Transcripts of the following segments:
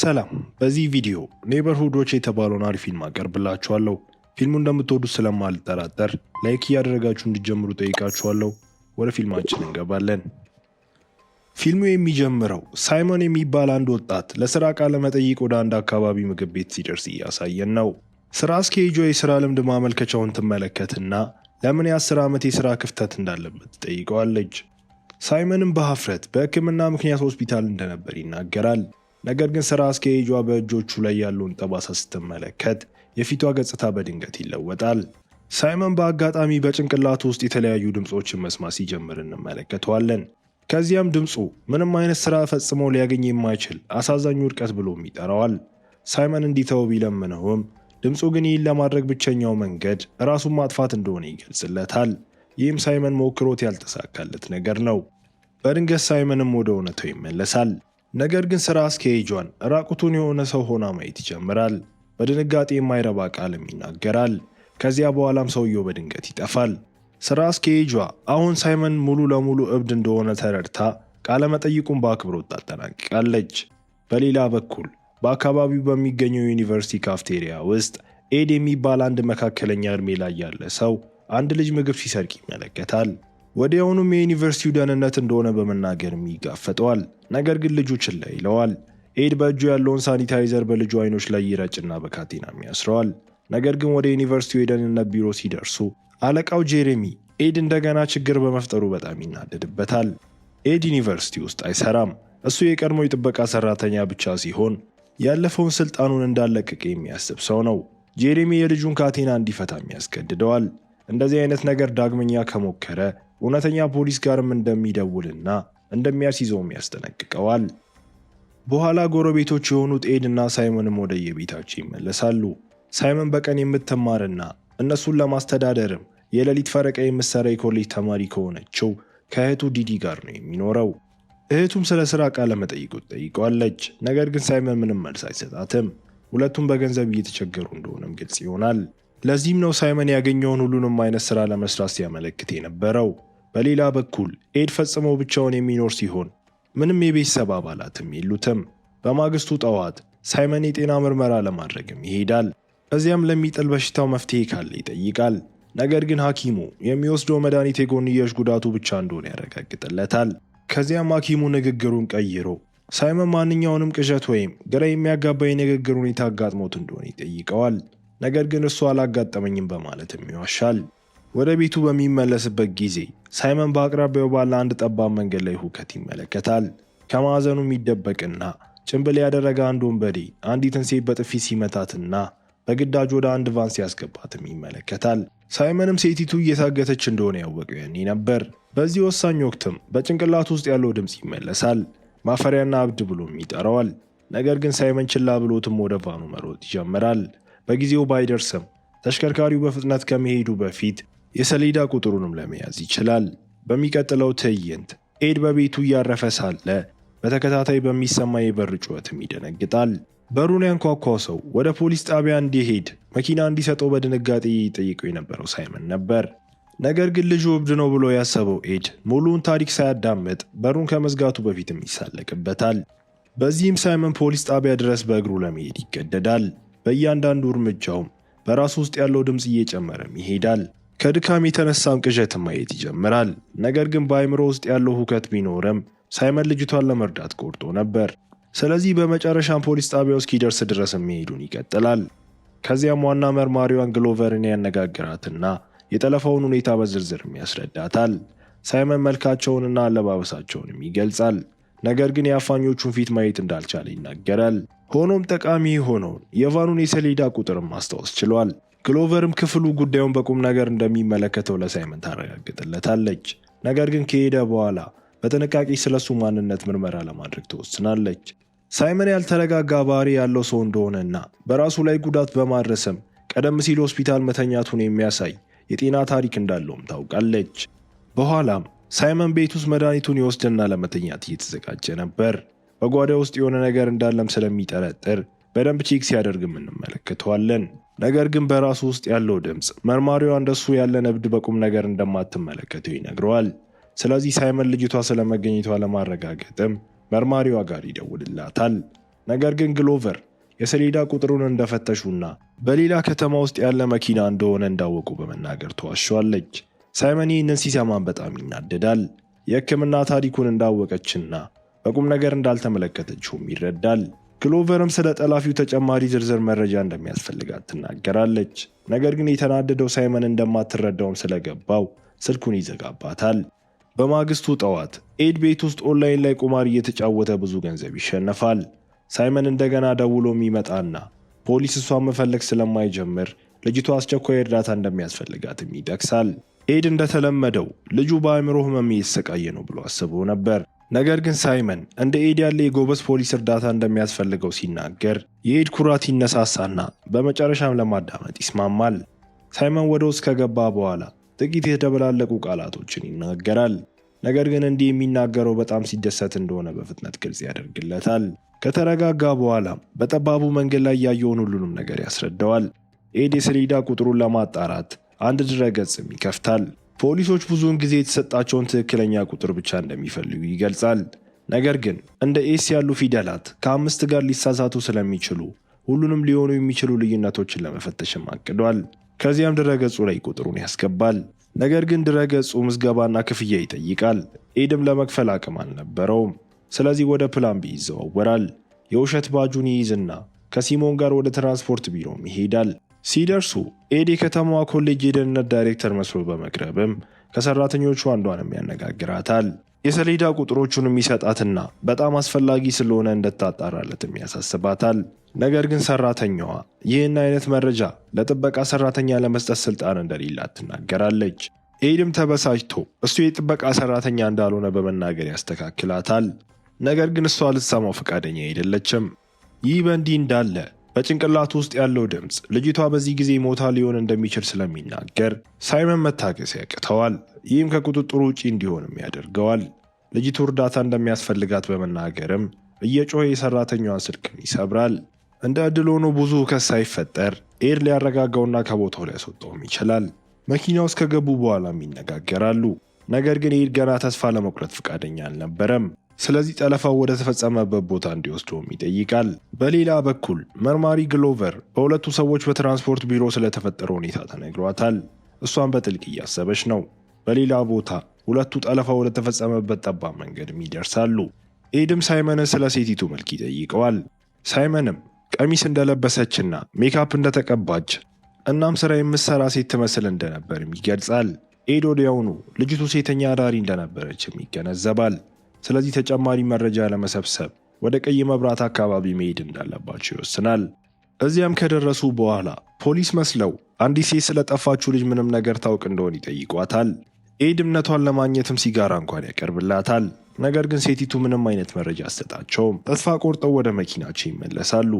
ሰላም በዚህ ቪዲዮ ኔበርሁዶች የተባለውን አሪፍ ፊልም አቀርብላችኋለሁ። ፊልሙ እንደምትወዱት ስለማልጠራጠር ላይክ እያደረጋችሁ እንዲጀምሩ ጠይቃችኋለሁ። ወደ ፊልማችን እንገባለን። ፊልሙ የሚጀምረው ሳይመን የሚባል አንድ ወጣት ለስራ ቃለ መጠይቅ ወደ አንድ አካባቢ ምግብ ቤት ሲደርስ እያሳየን ነው። ስራ አስኪያጇ የስራ ልምድ ማመልከቻውን ትመለከትና ለምን የአስር ዓመት የስራ ክፍተት እንዳለበት ትጠይቀዋለች። ሳይመንም በሀፍረት በሕክምና ምክንያት ሆስፒታል እንደነበር ይናገራል። ነገር ግን ስራ አስኪያጇ በእጆቹ ላይ ያለውን ጠባሳ ስትመለከት የፊቷ ገጽታ በድንገት ይለወጣል። ሳይመን በአጋጣሚ በጭንቅላቱ ውስጥ የተለያዩ ድምፆችን መስማት ሲጀምር እንመለከተዋለን። ከዚያም ድምፁ ምንም አይነት ስራ ፈጽሞ ሊያገኝ የማይችል አሳዛኝ ውድቀት ብሎም ይጠራዋል። ሳይመን እንዲተው ቢለምነውም ድምፁ ግን ይህን ለማድረግ ብቸኛው መንገድ ራሱን ማጥፋት እንደሆነ ይገልጽለታል። ይህም ሳይመን ሞክሮት ያልተሳካለት ነገር ነው። በድንገት ሳይመንም ወደ እውነታው ይመለሳል። ነገር ግን ስራ አስኪያጇን ራቁቱን የሆነ ሰው ሆና ማየት ይጀምራል። በድንጋጤ የማይረባ ቃልም ይናገራል። ከዚያ በኋላም ሰውየው በድንገት ይጠፋል። ስራ አስኪያጇ አሁን ሳይመን ሙሉ ለሙሉ እብድ እንደሆነ ተረድታ ቃለመጠይቁን በአክብሮት ታጠናቅቃለች። በሌላ በኩል በአካባቢው በሚገኘው ዩኒቨርሲቲ ካፍቴሪያ ውስጥ ኤድ የሚባል አንድ መካከለኛ እድሜ ላይ ያለ ሰው አንድ ልጅ ምግብ ሲሰርቅ ይመለከታል። ወዲያውኑም የዩኒቨርሲቲው ደህንነት እንደሆነ በመናገርም ይጋፈጠዋል። ነገር ግን ልጁ ላይ ይለዋል። ኤድ በእጁ ያለውን ሳኒታይዘር በልጁ አይኖች ላይ ይረጭና በካቴናም ያስረዋል። ነገር ግን ወደ ዩኒቨርሲቲው የደህንነት ቢሮ ሲደርሱ አለቃው ጄሬሚ ኤድ እንደገና ችግር በመፍጠሩ በጣም ይናደድበታል። ኤድ ዩኒቨርሲቲ ውስጥ አይሰራም። እሱ የቀድሞ የጥበቃ ሰራተኛ ብቻ ሲሆን ያለፈውን ስልጣኑን እንዳለቀቀ የሚያስብ ሰው ነው። ጄሬሚ የልጁን ካቴና እንዲፈታም ያስገድደዋል። እንደዚህ አይነት ነገር ዳግመኛ ከሞከረ እውነተኛ ፖሊስ ጋርም እንደሚደውልና እንደሚያስይዘውም ያስጠነቅቀዋል። በኋላ ጎረቤቶች የሆኑት ኤድ እና ሳይመንም ወደ የቤታቸው ይመለሳሉ። ሳይመን በቀን የምትማርና እነሱን ለማስተዳደርም የሌሊት ፈረቃ የምትሰራ የኮሌጅ ተማሪ ከሆነችው ከእህቱ ዲዲ ጋር ነው የሚኖረው። እህቱም ስለ ስራ ቃለ መጠይቁን ጠይቋለች። ነገር ግን ሳይመን ምንም መልስ አይሰጣትም። ሁለቱም በገንዘብ እየተቸገሩ እንደሆነም ግልጽ ይሆናል። ለዚህም ነው ሳይመን ያገኘውን ሁሉንም አይነት ሥራ ለመስራት ሲያመለክት የነበረው። በሌላ በኩል ኤድ ፈጽሞ ብቻውን የሚኖር ሲሆን ምንም የቤተሰብ አባላትም የሉትም። በማግስቱ ጠዋት ሳይመን የጤና ምርመራ ለማድረግም ይሄዳል። እዚያም ለሚጥል በሽታው መፍትሄ ካለ ይጠይቃል። ነገር ግን ሐኪሙ የሚወስደው መድኃኒት የጎንዮሽ ጉዳቱ ብቻ እንደሆነ ያረጋግጥለታል። ከዚያም ሐኪሙ ንግግሩን ቀይሮ ሳይመን ማንኛውንም ቅዠት ወይም ግራ የሚያጋባ የንግግር ሁኔታ አጋጥሞት እንደሆነ ይጠይቀዋል። ነገር ግን እርሱ አላጋጠመኝም በማለትም ይዋሻል። ወደ ቤቱ በሚመለስበት ጊዜ ሳይመን በአቅራቢያው ባለ አንድ ጠባብ መንገድ ላይ ሁከት ይመለከታል። ከማዕዘኑ የሚደበቅና ጭንብል ያደረገ አንድ ወንበዴ አንዲትን ሴት በጥፊ ሲመታትና በግዳጅ ወደ አንድ ቫን ሲያስገባትም ይመለከታል። ሳይመንም ሴቲቱ እየታገተች እንደሆነ ያወቀው ያኔ ነበር። በዚህ ወሳኝ ወቅትም በጭንቅላት ውስጥ ያለው ድምፅ ይመለሳል። ማፈሪያና እብድ ብሎም ይጠራዋል። ነገር ግን ሳይመን ችላ ብሎትም ወደ ቫኑ መሮጥ ይጀምራል። በጊዜው ባይደርስም ተሽከርካሪው በፍጥነት ከመሄዱ በፊት የሰሌዳ ቁጥሩንም ለመያዝ ይችላል። በሚቀጥለው ትዕይንት ኤድ በቤቱ እያረፈ ሳለ በተከታታይ በሚሰማ የበር ጩኸትም ይደነግጣል። በሩን ያንኳኳ ሰው ወደ ፖሊስ ጣቢያ እንዲሄድ መኪና እንዲሰጠው በድንጋጤ ጠይቀው የነበረው ሳይመን ነበር። ነገር ግን ልጁ እብድ ነው ብሎ ያሰበው ኤድ ሙሉውን ታሪክ ሳያዳምጥ በሩን ከመዝጋቱ በፊትም ይሳለቅበታል። በዚህም ሳይመን ፖሊስ ጣቢያ ድረስ በእግሩ ለመሄድ ይገደዳል። በእያንዳንዱ እርምጃውም በራሱ ውስጥ ያለው ድምፅ እየጨመረም ይሄዳል። ከድካም የተነሳም ቅዠት ማየት ይጀምራል። ነገር ግን በአይምሮ ውስጥ ያለው ሁከት ቢኖርም ሳይመን ልጅቷን ለመርዳት ቆርጦ ነበር። ስለዚህ በመጨረሻም ፖሊስ ጣቢያ እስኪደርስ ድረስ መሄዱን ይቀጥላል። ከዚያም ዋና መርማሪዋን ግሎቨርን ያነጋግራትና የጠለፋውን ሁኔታ በዝርዝርም ያስረዳታል። ሳይመን መልካቸውንና አለባበሳቸውንም ይገልጻል። ነገር ግን የአፋኞቹን ፊት ማየት እንዳልቻለ ይናገራል። ሆኖም ጠቃሚ የሆነውን የቫኑን የሰሌዳ ቁጥርም ማስታወስ ችሏል። ግሎቨርም ክፍሉ ጉዳዩን በቁም ነገር እንደሚመለከተው ለሳይመን ታረጋግጥለታለች። ነገር ግን ከሄደ በኋላ በጥንቃቄ ስለሱ ማንነት ምርመራ ለማድረግ ትወስናለች። ሳይመን ያልተረጋጋ ባህሪ ያለው ሰው እንደሆነና በራሱ ላይ ጉዳት በማድረስም ቀደም ሲል ሆስፒታል መተኛቱን የሚያሳይ የጤና ታሪክ እንዳለውም ታውቃለች። በኋላም ሳይመን ቤት ውስጥ መድኃኒቱን ይወስድና ለመተኛት እየተዘጋጀ ነበር። በጓዳ ውስጥ የሆነ ነገር እንዳለም ስለሚጠረጥር በደንብ ቼክ ሲያደርግም እንመለከተዋለን። ነገር ግን በራሱ ውስጥ ያለው ድምፅ መርማሪዋ እንደሱ ያለን እብድ በቁም ነገር እንደማትመለከተው ይነግረዋል። ስለዚህ ሳይመን ልጅቷ ስለመገኘቷ ለማረጋገጥም መርማሪዋ ጋር ይደውልላታል። ነገር ግን ግሎቨር የሰሌዳ ቁጥሩን እንደፈተሹና በሌላ ከተማ ውስጥ ያለ መኪና እንደሆነ እንዳወቁ በመናገር ተዋሸዋለች። ሳይመን ይህንን ሲሰማን በጣም ይናደዳል። የሕክምና ታሪኩን እንዳወቀችና በቁም ነገር እንዳልተመለከተችውም ይረዳል። ክሎቨርም ስለ ጠላፊው ተጨማሪ ዝርዝር መረጃ እንደሚያስፈልጋት ትናገራለች። ነገር ግን የተናደደው ሳይመን እንደማትረዳውም ስለገባው ስልኩን ይዘጋባታል። በማግስቱ ጠዋት ኤድ ቤት ውስጥ ኦንላይን ላይ ቁማር እየተጫወተ ብዙ ገንዘብ ይሸነፋል። ሳይመን እንደገና ደውሎ የሚመጣና ፖሊስ እሷን መፈለግ ስለማይጀምር ልጅቷ አስቸኳይ እርዳታ እንደሚያስፈልጋትም ይጠቅሳል። ኤድ እንደተለመደው ልጁ በአእምሮ ህመም እየተሰቃየ ነው ብሎ አስቦ ነበር። ነገር ግን ሳይመን እንደ ኤድ ያለ የጎበዝ ፖሊስ እርዳታ እንደሚያስፈልገው ሲናገር የኤድ ኩራት ይነሳሳና በመጨረሻም ለማዳመጥ ይስማማል። ሳይመን ወደ ውስጥ ከገባ በኋላ ጥቂት የተደበላለቁ ቃላቶችን ይናገራል። ነገር ግን እንዲህ የሚናገረው በጣም ሲደሰት እንደሆነ በፍጥነት ግልጽ ያደርግለታል። ከተረጋጋ በኋላ በጠባቡ መንገድ ላይ ያየውን ሁሉንም ነገር ያስረዳዋል። ኤድ የሰሌዳ ቁጥሩን ለማጣራት አንድ ድረገጽም ይከፍታል። ፖሊሶች ብዙውን ጊዜ የተሰጣቸውን ትክክለኛ ቁጥር ብቻ እንደሚፈልጉ ይገልጻል። ነገር ግን እንደ ኤስ ያሉ ፊደላት ከአምስት ጋር ሊሳሳቱ ስለሚችሉ ሁሉንም ሊሆኑ የሚችሉ ልዩነቶችን ለመፈተሽም አቅዷል። ከዚያም ድረገጹ ላይ ቁጥሩን ያስገባል። ነገር ግን ድረገጹ ምዝገባና ክፍያ ይጠይቃል። ኤድም ለመክፈል አቅም አልነበረውም። ስለዚህ ወደ ፕላን ቢ ይዘዋወራል። የውሸት ባጁን ይይዝና ከሲሞን ጋር ወደ ትራንስፖርት ቢሮም ይሄዳል። ሲደርሱ ኤዲ ከተማዋ ኮሌጅ የደህንነት ዳይሬክተር መስሎ በመቅረብም ከሰራተኞቹ አንዷንም ያነጋግራታል። የሰሌዳ ቁጥሮቹን የሚሰጣትና በጣም አስፈላጊ ስለሆነ እንድታጣራለትም ያሳስባታል። ነገር ግን ሰራተኛዋ ይህን አይነት መረጃ ለጥበቃ ሰራተኛ ለመስጠት ስልጣን እንደሌላት ትናገራለች። ኤድም ተበሳጭቶ እሱ የጥበቃ ሰራተኛ እንዳልሆነ በመናገር ያስተካክላታል። ነገር ግን እሷ ልትሰማው ፈቃደኛ አይደለችም። ይህ በእንዲህ እንዳለ በጭንቅላት ውስጥ ያለው ድምፅ ልጅቷ በዚህ ጊዜ ሞታ ሊሆን እንደሚችል ስለሚናገር ሳይመን መታገስ ያቅተዋል። ይህም ከቁጥጥሩ ውጪ እንዲሆንም ያደርገዋል። ልጅቱ እርዳታ እንደሚያስፈልጋት በመናገርም እየጮኸ የሰራተኛዋን ስልክም ይሰብራል። እንደ እድል ሆኖ ብዙ ሁከት ሳይፈጠር ኤድ ሊያረጋጋውና ከቦታው ሊያስወጣውም ይችላል። መኪና ውስጥ ከገቡ በኋላም ይነጋገራሉ። ነገር ግን ኤድ ገና ተስፋ ለመቁረጥ ፈቃደኛ አልነበረም። ስለዚህ ጠለፋው ወደ ተፈጸመበት ቦታ እንዲወስደውም ይጠይቃል። በሌላ በኩል መርማሪ ግሎቨር በሁለቱ ሰዎች በትራንስፖርት ቢሮ ስለተፈጠረ ሁኔታ ተነግሯታል። እሷን በጥልቅ እያሰበች ነው። በሌላ ቦታ ሁለቱ ጠለፋው ወደ ተፈጸመበት ጠባብ መንገድም ይደርሳሉ። ኤድም ሳይመንን ስለ ሴቲቱ መልክ ይጠይቀዋል። ሳይመንም ቀሚስ እንደለበሰችና ሜካፕ እንደተቀባች እናም ስራ የምትሰራ ሴት ትመስል እንደነበርም ይገልጻል። ኤድ ወዲያውኑ ልጅቱ ሴተኛ አዳሪ እንደነበረችም ይገነዘባል። ስለዚህ ተጨማሪ መረጃ ለመሰብሰብ ወደ ቀይ መብራት አካባቢ መሄድ እንዳለባቸው ይወስናል። እዚያም ከደረሱ በኋላ ፖሊስ መስለው አንዲት ሴት ስለጠፋችው ልጅ ምንም ነገር ታውቅ እንደሆን ይጠይቋታል። ኤድ እምነቷን ለማግኘትም ሲጋራ እንኳን ያቀርብላታል። ነገር ግን ሴቲቱ ምንም አይነት መረጃ አሰጣቸውም ተስፋ ቆርጠው ወደ መኪናቸው ይመለሳሉ።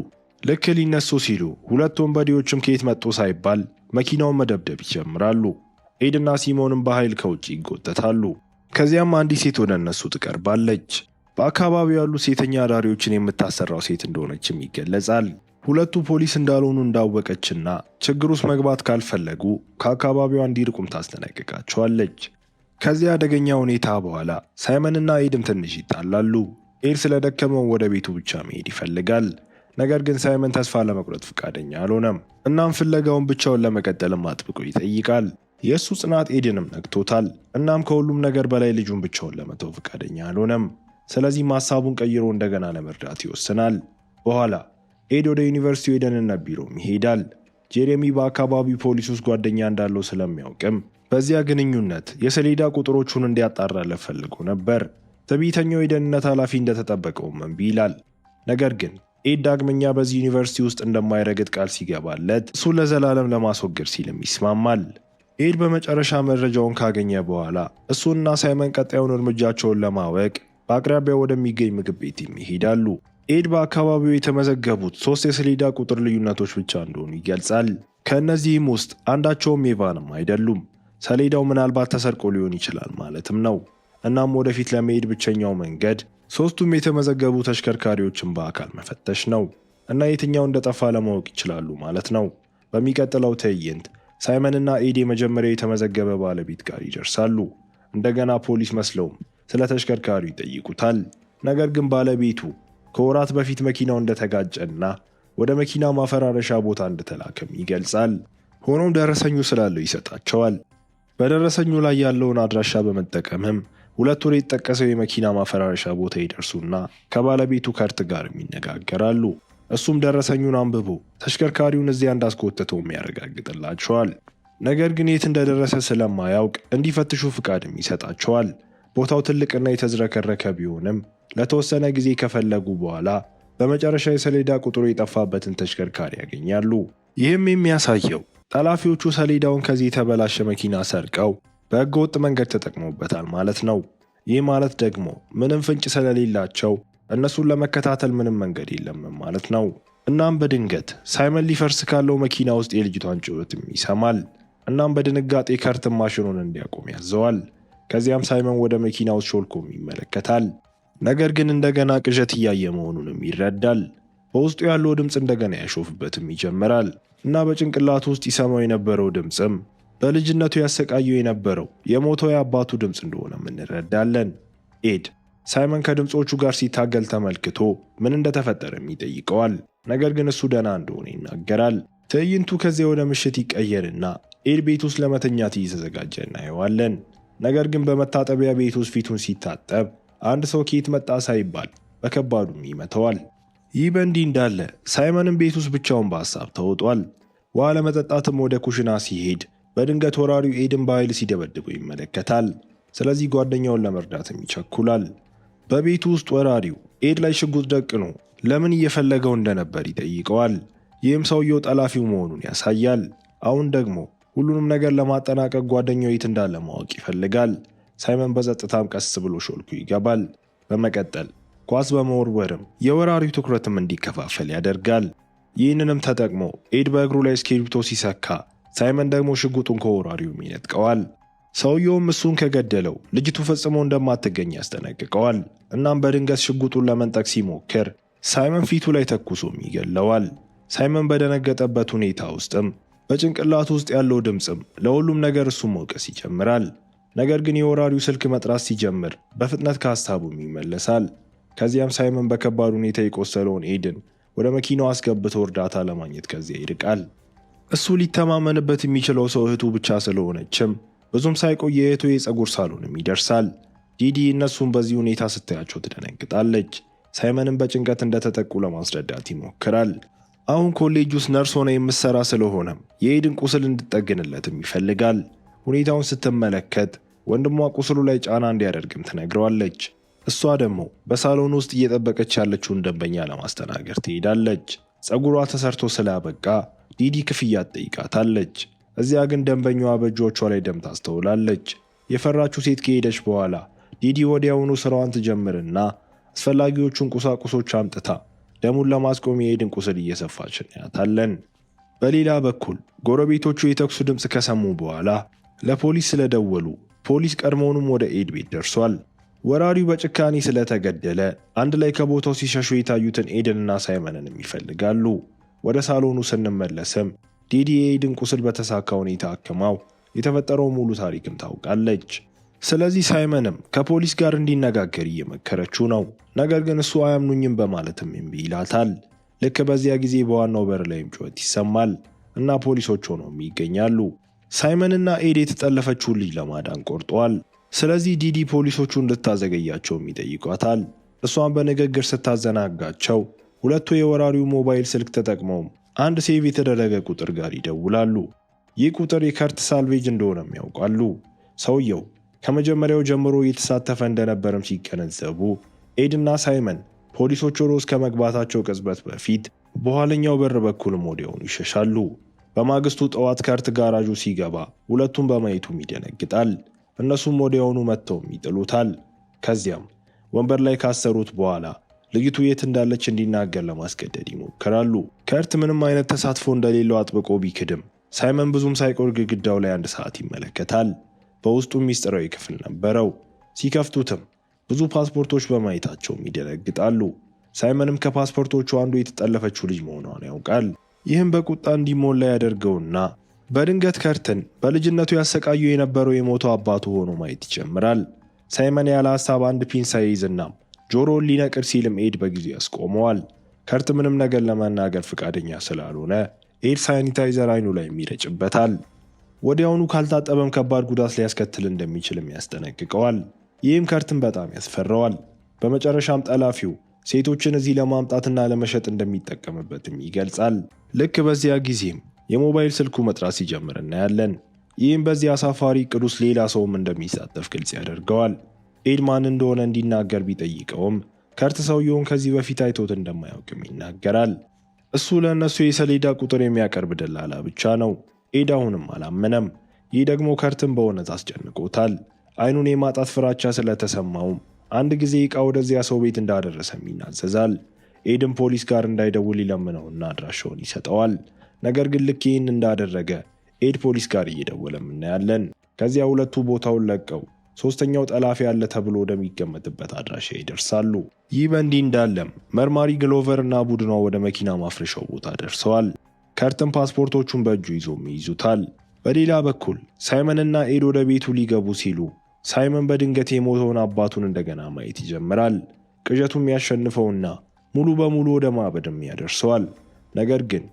ልክ ሊነሱ ሲሉ ሁለት ወንበዴዎችም ከየት መጡ ሳይባል መኪናውን መደብደብ ይጀምራሉ። ኤድና ሲሞንም በኃይል ከውጭ ይጎተታሉ። ከዚያም አንዲት ሴት ወደ እነሱ ትቀርባለች። በአካባቢው ያሉ ሴተኛ አዳሪዎችን የምታሰራው ሴት እንደሆነችም ይገለጻል። ሁለቱ ፖሊስ እንዳልሆኑ እንዳወቀችና ችግር ውስጥ መግባት ካልፈለጉ ከአካባቢው እንዲርቁም ታስጠነቅቃቸዋለች። ከዚያ አደገኛ ሁኔታ በኋላ ሳይመንና ኤድም ትንሽ ይጣላሉ። ኤድ ስለደከመው ወደ ቤቱ ብቻ መሄድ ይፈልጋል። ነገር ግን ሳይመን ተስፋ ለመቁረጥ ፈቃደኛ አልሆነም። እናም ፍለጋውን ብቻውን ለመቀጠልም አጥብቆ ይጠይቃል። የእሱ ጽናት ኤደንም ነግቶታል። እናም ከሁሉም ነገር በላይ ልጁን ብቻውን ለመተው ፈቃደኛ አልሆነም። ስለዚህም ሀሳቡን ቀይሮ እንደገና ለመርዳት ይወስናል። በኋላ ኤድ ወደ ዩኒቨርሲቲው ኤደንና ቢሮም ይሄዳል። ጄሬሚ በአካባቢው ፖሊስ ውስጥ ጓደኛ እንዳለው ስለሚያውቅም በዚያ ግንኙነት የሰሌዳ ቁጥሮቹን እንዲያጣራለት ፈልጎ ነበር። ትዕቢተኛው የደህንነት ኃላፊ እንደተጠበቀውም እምቢ ይላል። ነገር ግን ኤድ ዳግመኛ በዚህ ዩኒቨርሲቲ ውስጥ እንደማይረግጥ ቃል ሲገባለት እሱን ለዘላለም ለማስወገድ ሲልም ይስማማል። ኤድ በመጨረሻ መረጃውን ካገኘ በኋላ እሱና ሳይመን ቀጣዩን እርምጃቸውን ለማወቅ በአቅራቢያው ወደሚገኝ ምግብ ቤት ይሄዳሉ። ኤድ በአካባቢው የተመዘገቡት ሶስት የሰሌዳ ቁጥር ልዩነቶች ብቻ እንደሆኑ ይገልጻል። ከእነዚህም ውስጥ አንዳቸውም ኤቫንም አይደሉም። ሰሌዳው ምናልባት ተሰርቆ ሊሆን ይችላል ማለትም ነው። እናም ወደፊት ለመሄድ ብቸኛው መንገድ ሶስቱም የተመዘገቡ ተሽከርካሪዎችን በአካል መፈተሽ ነው እና የትኛው እንደጠፋ ለማወቅ ይችላሉ ማለት ነው። በሚቀጥለው ትዕይንት ሳይመንና ኤዴ መጀመሪያ የተመዘገበ ባለቤት ጋር ይደርሳሉ። እንደገና ፖሊስ መስለውም ስለ ተሽከርካሪው ይጠይቁታል። ነገር ግን ባለቤቱ ከወራት በፊት መኪናው እንደተጋጨና ወደ መኪና ማፈራረሻ ቦታ እንደተላከም ይገልጻል። ሆኖም ደረሰኙ ስላለው ይሰጣቸዋል። በደረሰኙ ላይ ያለውን አድራሻ በመጠቀምም ሁለት ወደ የተጠቀሰው የመኪና ማፈራረሻ ቦታ ይደርሱና ከባለቤቱ ከርት ጋርም ይነጋገራሉ። እሱም ደረሰኙን አንብቦ ተሽከርካሪውን እዚያ እንዳስኮተተውም ያረጋግጥላቸዋል። ነገር ግን የት እንደደረሰ ስለማያውቅ እንዲፈትሹ ፍቃድም ይሰጣቸዋል። ቦታው ትልቅና የተዝረከረከ ቢሆንም ለተወሰነ ጊዜ ከፈለጉ በኋላ በመጨረሻ የሰሌዳ ቁጥሩ የጠፋበትን ተሽከርካሪ ያገኛሉ። ይህም የሚያሳየው ጠላፊዎቹ ሰሌዳውን ከዚህ የተበላሸ መኪና ሰርቀው በህገወጥ ወጥ መንገድ ተጠቅመውበታል ማለት ነው። ይህ ማለት ደግሞ ምንም ፍንጭ ስለሌላቸው እነሱን ለመከታተል ምንም መንገድ የለም ማለት ነው። እናም በድንገት ሳይመን ሊፈርስ ካለው መኪና ውስጥ የልጅቷን ጩኸትም ይሰማል። እናም በድንጋጤ ከርትም ማሽኑን እንዲያቆም ያዘዋል። ከዚያም ሳይመን ወደ መኪና ውስጥ ሾልኮም ይመለከታል። ነገር ግን እንደገና ቅዠት እያየ መሆኑንም ይረዳል። በውስጡ ያለው ድምፅ እንደገና ያሾፍበትም ይጀምራል እና በጭንቅላቱ ውስጥ ይሰማው የነበረው ድምፅም በልጅነቱ ያሰቃየው የነበረው የሞተው የአባቱ ድምፅ እንደሆነም እንረዳለን። ኤድ ሳይመን ከድምፆቹ ጋር ሲታገል ተመልክቶ ምን እንደተፈጠረም ይጠይቀዋል። ነገር ግን እሱ ደህና እንደሆነ ይናገራል። ትዕይንቱ ከዚያ ወደ ምሽት ይቀየርና ኤድ ቤት ውስጥ ለመተኛት እየተዘጋጀ እናየዋለን። ነገር ግን በመታጠቢያ ቤት ውስጥ ፊቱን ሲታጠብ አንድ ሰው ከየት መጣ ሳይባል በከባዱም ይመተዋል። ይህ በእንዲህ እንዳለ ሳይመንም ቤት ውስጥ ብቻውን በሀሳብ ተውጧል። ውሃ ለመጠጣትም ወደ ኩሽና ሲሄድ በድንገት ወራሪው ኤድን በኃይል ሲደበድበው ይመለከታል። ስለዚህ ጓደኛውን ለመርዳትም ይቸኩላል። በቤቱ ውስጥ ወራሪው ኤድ ላይ ሽጉጥ ደቅኖ ለምን እየፈለገው እንደነበር ይጠይቀዋል። ይህም ሰውየው ጠላፊው መሆኑን ያሳያል። አሁን ደግሞ ሁሉንም ነገር ለማጠናቀቅ ጓደኛው የት እንዳለ ማወቅ ይፈልጋል። ሳይመን በጸጥታም ቀስ ብሎ ሾልኩ ይገባል። በመቀጠል ኳስ በመወርወርም የወራሪው ትኩረትም እንዲከፋፈል ያደርጋል። ይህንንም ተጠቅሞ ኤድ በእግሩ ላይ እስክሪብቶ ሲሰካ ሳይመን ደግሞ ሽጉጡን ከወራሪውም ይነጥቀዋል። ሰውየውም እሱን ከገደለው ልጅቱ ፈጽሞ እንደማትገኝ ያስጠነቅቀዋል። እናም በድንገት ሽጉጡን ለመንጠቅ ሲሞክር ሳይመን ፊቱ ላይ ተኩሶም ይገለዋል። ሳይመን በደነገጠበት ሁኔታ ውስጥም በጭንቅላቱ ውስጥ ያለው ድምፅም ለሁሉም ነገር እሱ መውቀስ ይጀምራል። ነገር ግን የወራሪው ስልክ መጥራት ሲጀምር በፍጥነት ከሀሳቡም ይመለሳል። ከዚያም ሳይመን በከባድ ሁኔታ የቆሰለውን ኤድን ወደ መኪናው አስገብቶ እርዳታ ለማግኘት ከዚያ ይርቃል። እሱ ሊተማመንበት የሚችለው ሰው እህቱ ብቻ ስለሆነችም ብዙም ሳይቆይ የእህቱ የፀጉር ሳሎንም ይደርሳል። ዲዲ እነሱን በዚህ ሁኔታ ስታያቸው ትደነግጣለች። ሳይመንም በጭንቀት እንደተጠቁ ለማስረዳት ይሞክራል። አሁን ኮሌጅ ውስጥ ነርስ ሆነ የምትሰራ ስለሆነም የኤድን ቁስል እንድጠግንለትም ይፈልጋል። ሁኔታውን ስትመለከት ወንድሟ ቁስሉ ላይ ጫና እንዲያደርግም ትነግረዋለች። እሷ ደግሞ በሳሎን ውስጥ እየጠበቀች ያለችውን ደንበኛ ለማስተናገድ ትሄዳለች። ፀጉሯ ተሰርቶ ስላበቃ ዲዲ ክፍያ ትጠይቃታለች። እዚያ ግን ደንበኛዋ በእጆቿ ላይ ደም ታስተውላለች። የፈራችው ሴት ከሄደች በኋላ ዲዲ ወዲያውኑ ስራዋን ትጀምርና አስፈላጊዎቹን ቁሳቁሶች አምጥታ ደሙን ለማስቆም የሄድን ቁስል እየሰፋች እናያታለን። በሌላ በኩል ጎረቤቶቹ የተኩሱ ድምፅ ከሰሙ በኋላ ለፖሊስ ስለደወሉ ፖሊስ ቀድሞውንም ወደ ኤድ ቤት ደርሷል። ወራሪው በጭካኔ ስለተገደለ አንድ ላይ ከቦታው ሲሸሹ የታዩትን ኤደንና ሳይመንንም ይፈልጋሉ። ወደ ሳሎኑ ስንመለስም ዲዲዬ ቁስል በተሳካ ሁኔታ አክማው የተፈጠረው ሙሉ ታሪክም ታውቃለች። ስለዚህ ሳይመንም ከፖሊስ ጋር እንዲነጋገር እየመከረችው ነው። ነገር ግን እሱ አያምኑኝም በማለትም እምቢ ይላታል። ልክ በዚያ ጊዜ በዋናው በር ላይም ጩኸት ይሰማል እና ፖሊሶች ሆኖም ይገኛሉ። ሳይመንና ኤድ የተጠለፈችውን ልጅ ለማዳን ቆርጠዋል። ስለዚህ ዲዲ ፖሊሶቹ እንድታዘገያቸውም ይጠይቋታል። እሷን በንግግር ስታዘናጋቸው ሁለቱ የወራሪው ሞባይል ስልክ ተጠቅመውም አንድ ሴቭ የተደረገ ቁጥር ጋር ይደውላሉ። ይህ ቁጥር የከርት ሳልቬጅ እንደሆነም ያውቃሉ። ሰውየው ከመጀመሪያው ጀምሮ እየተሳተፈ እንደነበርም ሲገነዘቡ ኤድና ሳይመን ፖሊሶች ወሮ እስከ መግባታቸው ቅጽበት በፊት በኋለኛው በር በኩልም ወዲያውኑ ይሸሻሉ። በማግስቱ ጠዋት ከርት ጋራዡ ሲገባ ሁለቱም በማየቱም ይደነግጣል። እነሱም ወዲያውኑ መጥተውም ይጥሉታል። ከዚያም ወንበር ላይ ካሰሩት በኋላ ልጅቱ የት እንዳለች እንዲናገር ለማስገደድ ይሞክራሉ። ከርት ምንም አይነት ተሳትፎ እንደሌለው አጥብቆ ቢክድም ሳይመን ብዙም ሳይቆይ ግድግዳው ላይ አንድ ሰዓት ይመለከታል። በውስጡ ሚስጥራዊ ክፍል ነበረው። ሲከፍቱትም ብዙ ፓስፖርቶች በማየታቸውም ይደነግጣሉ። ሳይመንም ከፓስፖርቶቹ አንዱ የተጠለፈችው ልጅ መሆኗን ያውቃል። ይህም በቁጣ እንዲሞላ ያደርገውና በድንገት ከርትን በልጅነቱ ያሰቃዩ የነበረው የሞተው አባቱ ሆኖ ማየት ይጀምራል። ሳይመን ያለ ሀሳብ አንድ ፒንሳ ይይዝና ጆሮውን ሊነቅር ሲልም ኤድ በጊዜ ያስቆመዋል። ከርት ምንም ነገር ለመናገር ፈቃደኛ ስላልሆነ ኤድ ሳኒታይዘር አይኑ ላይ ይረጭበታል። ወዲያውኑ ካልታጠበም ከባድ ጉዳት ሊያስከትል እንደሚችልም ያስጠነቅቀዋል። ይህም ከርትን በጣም ያስፈራዋል። በመጨረሻም ጠላፊው ሴቶችን እዚህ ለማምጣትና ለመሸጥ እንደሚጠቀምበትም ይገልጻል። ልክ በዚያ ጊዜም የሞባይል ስልኩ መጥራት ሲጀምር እናያለን። ይህም በዚህ አሳፋሪ ቅዱስ ሌላ ሰውም እንደሚሳተፍ ግልጽ ያደርገዋል። ኤድ ማን እንደሆነ እንዲናገር ቢጠይቀውም ከርት ሰውየውን ከዚህ በፊት አይቶት እንደማያውቅም ይናገራል። እሱ ለእነሱ የሰሌዳ ቁጥር የሚያቀርብ ደላላ ብቻ ነው። ኤድ አሁንም አላመነም። ይህ ደግሞ ከርትን በእውነት አስጨንቆታል። አይኑን የማጣት ፍራቻ ስለተሰማውም አንድ ጊዜ ዕቃ ወደዚያ ሰው ቤት እንዳደረሰም ይናዘዛል። ኤድን ፖሊስ ጋር እንዳይደውል ይለምነውና አድራሻውን ይሰጠዋል። ነገር ግን ልክ ይህን እንዳደረገ ኤድ ፖሊስ ጋር እየደወለም እናያለን። ከዚያ ሁለቱ ቦታውን ለቀው ሶስተኛው ጠላፊ ያለ ተብሎ ወደሚገመትበት አድራሻ ይደርሳሉ። ይህ በእንዲህ እንዳለም መርማሪ ግሎቨር እና ቡድኗ ወደ መኪና ማፍረሻው ቦታ ደርሰዋል። ከርትን ፓስፖርቶቹን በእጁ ይዞም ይይዙታል። በሌላ በኩል ሳይመን እና ኤድ ወደ ቤቱ ሊገቡ ሲሉ ሳይመን በድንገት የሞተውን አባቱን እንደገና ማየት ይጀምራል። ቅዠቱም ያሸንፈውና ሙሉ በሙሉ ወደ ማበድም ያደርሰዋል። ነገር ግን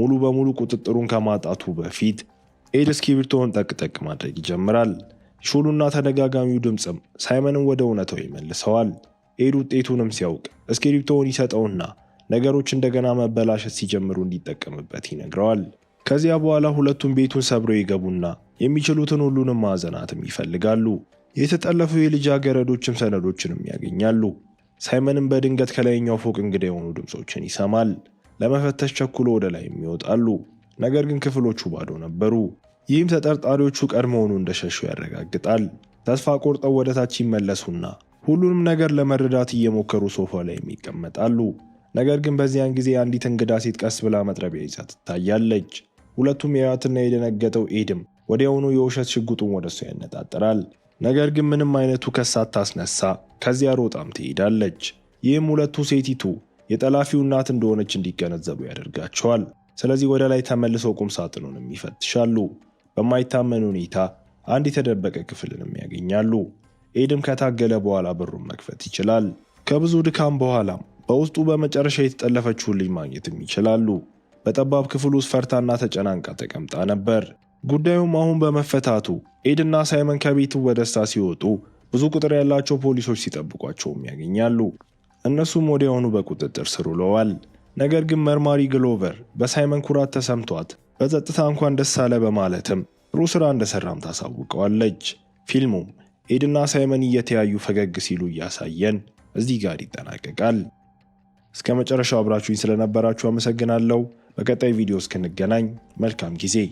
ሙሉ በሙሉ ቁጥጥሩን ከማጣቱ በፊት ኤድ እስክሪብቶውን ጠቅጠቅ ማድረግ ይጀምራል። ሹሉና ተደጋጋሚው ድምፅም ሳይመንን ወደ እውነታው ይመልሰዋል። ኤድ ውጤቱንም ሲያውቅ እስክሪፕቶውን ይሰጠውና ነገሮች እንደገና መበላሸት ሲጀምሩ እንዲጠቀምበት ይነግረዋል። ከዚያ በኋላ ሁለቱም ቤቱን ሰብረው ይገቡና የሚችሉትን ሁሉንም ማዕዘናትም ይፈልጋሉ። የተጠለፉ የልጃገረዶችም ሰነዶችንም ያገኛሉ። ሳይመንም በድንገት ከላይኛው ፎቅ እንግዳ የሆኑ ድምፆችን ይሰማል። ለመፈተሽ ቸኩሎ ወደ ላይም ይወጣሉ። ነገር ግን ክፍሎቹ ባዶ ነበሩ። ይህም ተጠርጣሪዎቹ ቀድሞውኑ እንደሸሹ ያረጋግጣል። ተስፋ ቆርጠው ወደ ታች ይመለሱና ሁሉንም ነገር ለመረዳት እየሞከሩ ሶፋ ላይም ይቀመጣሉ። ነገር ግን በዚያን ጊዜ አንዲት እንግዳ ሴት ቀስ ብላ መጥረቢያ ይዛ ትታያለች። ሁለቱም የያትና የደነገጠው ኤድም ወዲያውኑ የውሸት ሽጉጡን ወደ እሷ ያነጣጥራል። ነገር ግን ምንም አይነቱ ከሳ ታስነሳ ከዚያ ሮጣም ትሄዳለች። ይህም ሁለቱ ሴቲቱ የጠላፊው እናት እንደሆነች እንዲገነዘቡ ያደርጋቸዋል። ስለዚህ ወደ ላይ ተመልሰው ቁም ሳጥኑንም ይፈትሻሉ። በማይታመን ሁኔታ አንድ የተደበቀ ክፍልንም ያገኛሉ። ኤድም ከታገለ በኋላ በሩን መክፈት ይችላል። ከብዙ ድካም በኋላም በውስጡ በመጨረሻ የተጠለፈችውን ልጅ ማግኘትም ይችላሉ። በጠባብ ክፍል ውስጥ ፈርታና ተጨናንቃ ተቀምጣ ነበር። ጉዳዩም አሁን በመፈታቱ ኤድና ሳይመን ከቤቱ በደስታ ሲወጡ ብዙ ቁጥር ያላቸው ፖሊሶች ሲጠብቋቸውም ያገኛሉ። እነሱም ወዲያውኑ በቁጥጥር ስር ውለዋል። ነገር ግን መርማሪ ግሎቨር በሳይመን ኩራት ተሰምቷት በጸጥታ እንኳን ደስ አለ በማለትም ጥሩ ስራ እንደሰራም ታሳውቀዋለች። ፊልሙም ኤድና ሳይመን እየተያዩ ፈገግ ሲሉ እያሳየን እዚህ ጋር ይጠናቀቃል። እስከ መጨረሻው አብራችሁኝ ስለነበራችሁ አመሰግናለሁ። በቀጣይ ቪዲዮ እስክንገናኝ መልካም ጊዜ